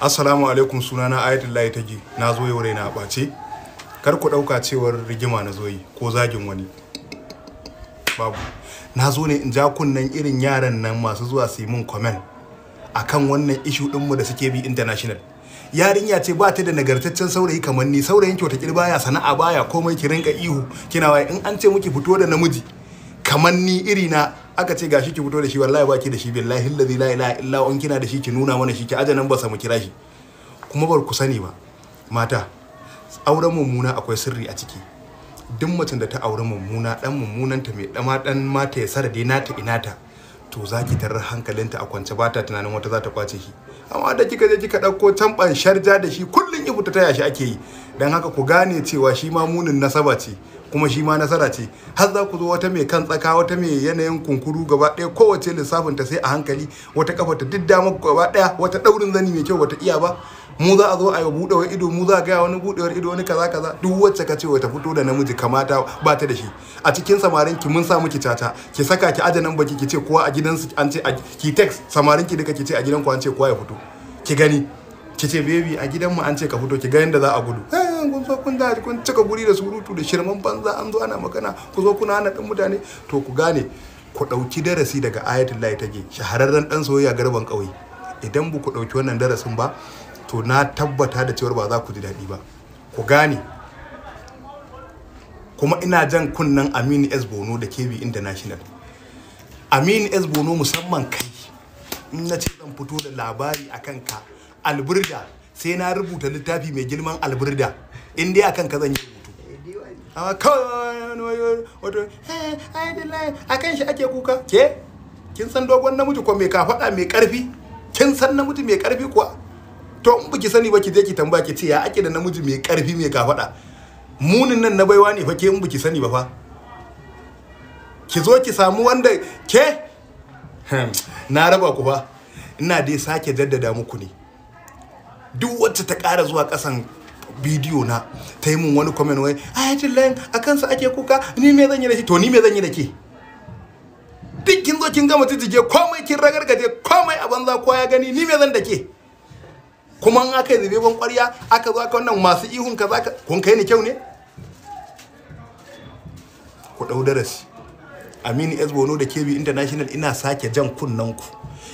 assalamu alaikum sunana ayatullahi tagi na zo yau raina a ɓace kar ku ɗauka cewar rigima na zo ko zagin wani babu na zo ne in ja kunnen irin yaran nan masu zuwa su yi min comment akan wannan ishu ɗinmu da suke bi international yarinya ce ba ta da nagartaccen saurayi kamar ni saurayin kyauta baya sana'a baya komai ki rinka ihu kina waye in an ce muki fito da namiji kamar ni na. aka ce gashi ki fito da shi wallahi baki da shi billahi allazi la ilaha illa an kina da shi ki nuna mana shi ki aje nan ba samu kira shi kuma bar ku sani ba mata auren mummuna akwai sirri a ciki duk macen da ta aure mummuna dan ta mai dama dan mata ya sarade nata inata to za ki tarar hankalinta a kwance ba ta tunanin wata za ta kwace shi amma da kika je kika ɗauko tamban sharja da shi kullum ya fita ta yashi ake yi don haka ku gane cewa shi ma munin nasaba ce kuma shi ma nasara ce har za ku zo wata mai kan tsaka wata mai yanayin kunkuru gaba ɗaya kowace lissafin ta sai a hankali wata kafa ta duk dama gaba ɗaya wata ɗaurin zani mai kyau wata iya ba mu za a zo a yi buɗewar ido mu za a gaya wani buɗewar ido wani kaza kaza duk wacce ka ce wata fito da namiji kamata ba ta da shi a cikin samarin ki mun sa miki caca ki saka ki nan baki ki ce kowa a gidansu an ce ki text samarin ki duka ki ce a gidan ku an ce kowa ya fito ki gani ki ce baby a gidanmu an ce ka fito ki ga yanda za a gudu eh, nan kun zo kun da kun cika guri da surutu da shirman banza an zo ana magana ku zo kuna hana dan mutane to ku gane ku ɗauki darasi daga ayatul lahi take shahararren dan soyayya garban kauye idan ba ku ɗauki wannan darasin ba to na tabbata da cewar ba za ku ji daɗi ba ku gane kuma ina jan kunnen amini s bono da kb international aminu s bono musamman kai in na ce zan fito da labari akan ka alburda sai na rubuta littafi mai girman alburda. in dai akan ka zan yi rubutu amma kawai wato eh, a kan shi ake kuka ke kin san dogon namiji ko mai kafaɗa mai karfi kin san namiji mai karfi kuwa to in biki sani ba ki je ki tambaya ki ce ya ake da namiji mai karfi mai kafaɗa munin nan na baiwa ne fa ke in biki sani ba fa ki zo ki samu wanda ke hmm, na raba ku fa ina dai sake daddada muku ne duk wacce ta ƙara zuwa ƙasan bidiyo na ta yi mun wani comment wai ayatul layin a kansa ake kuka ni me zan yi da shi to ni me zan yi da ke duk kin zo kin gama tijige komai kin ragargaje komai a banza ko ya gani ni me zan da ke kuma an aka yi zube ban kwarya aka zo aka wannan masu ihun ka zaka kun kai ni kyau ne ku dau darasi Aminu S Bono da KB International ina sake jan kunnen ku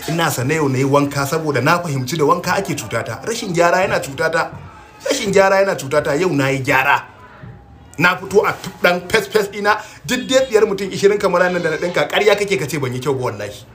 ina na yau na yi wanka saboda na fahimci da wanka ake cutata rashin gyara yana cutata rashin gyara yana cuta ta yau nayi yi gyara na fito a dan fes fes ina duk dai mutum 20 kamar nan da na dinka ƙarya kake kace ban yi kyau ba wallahi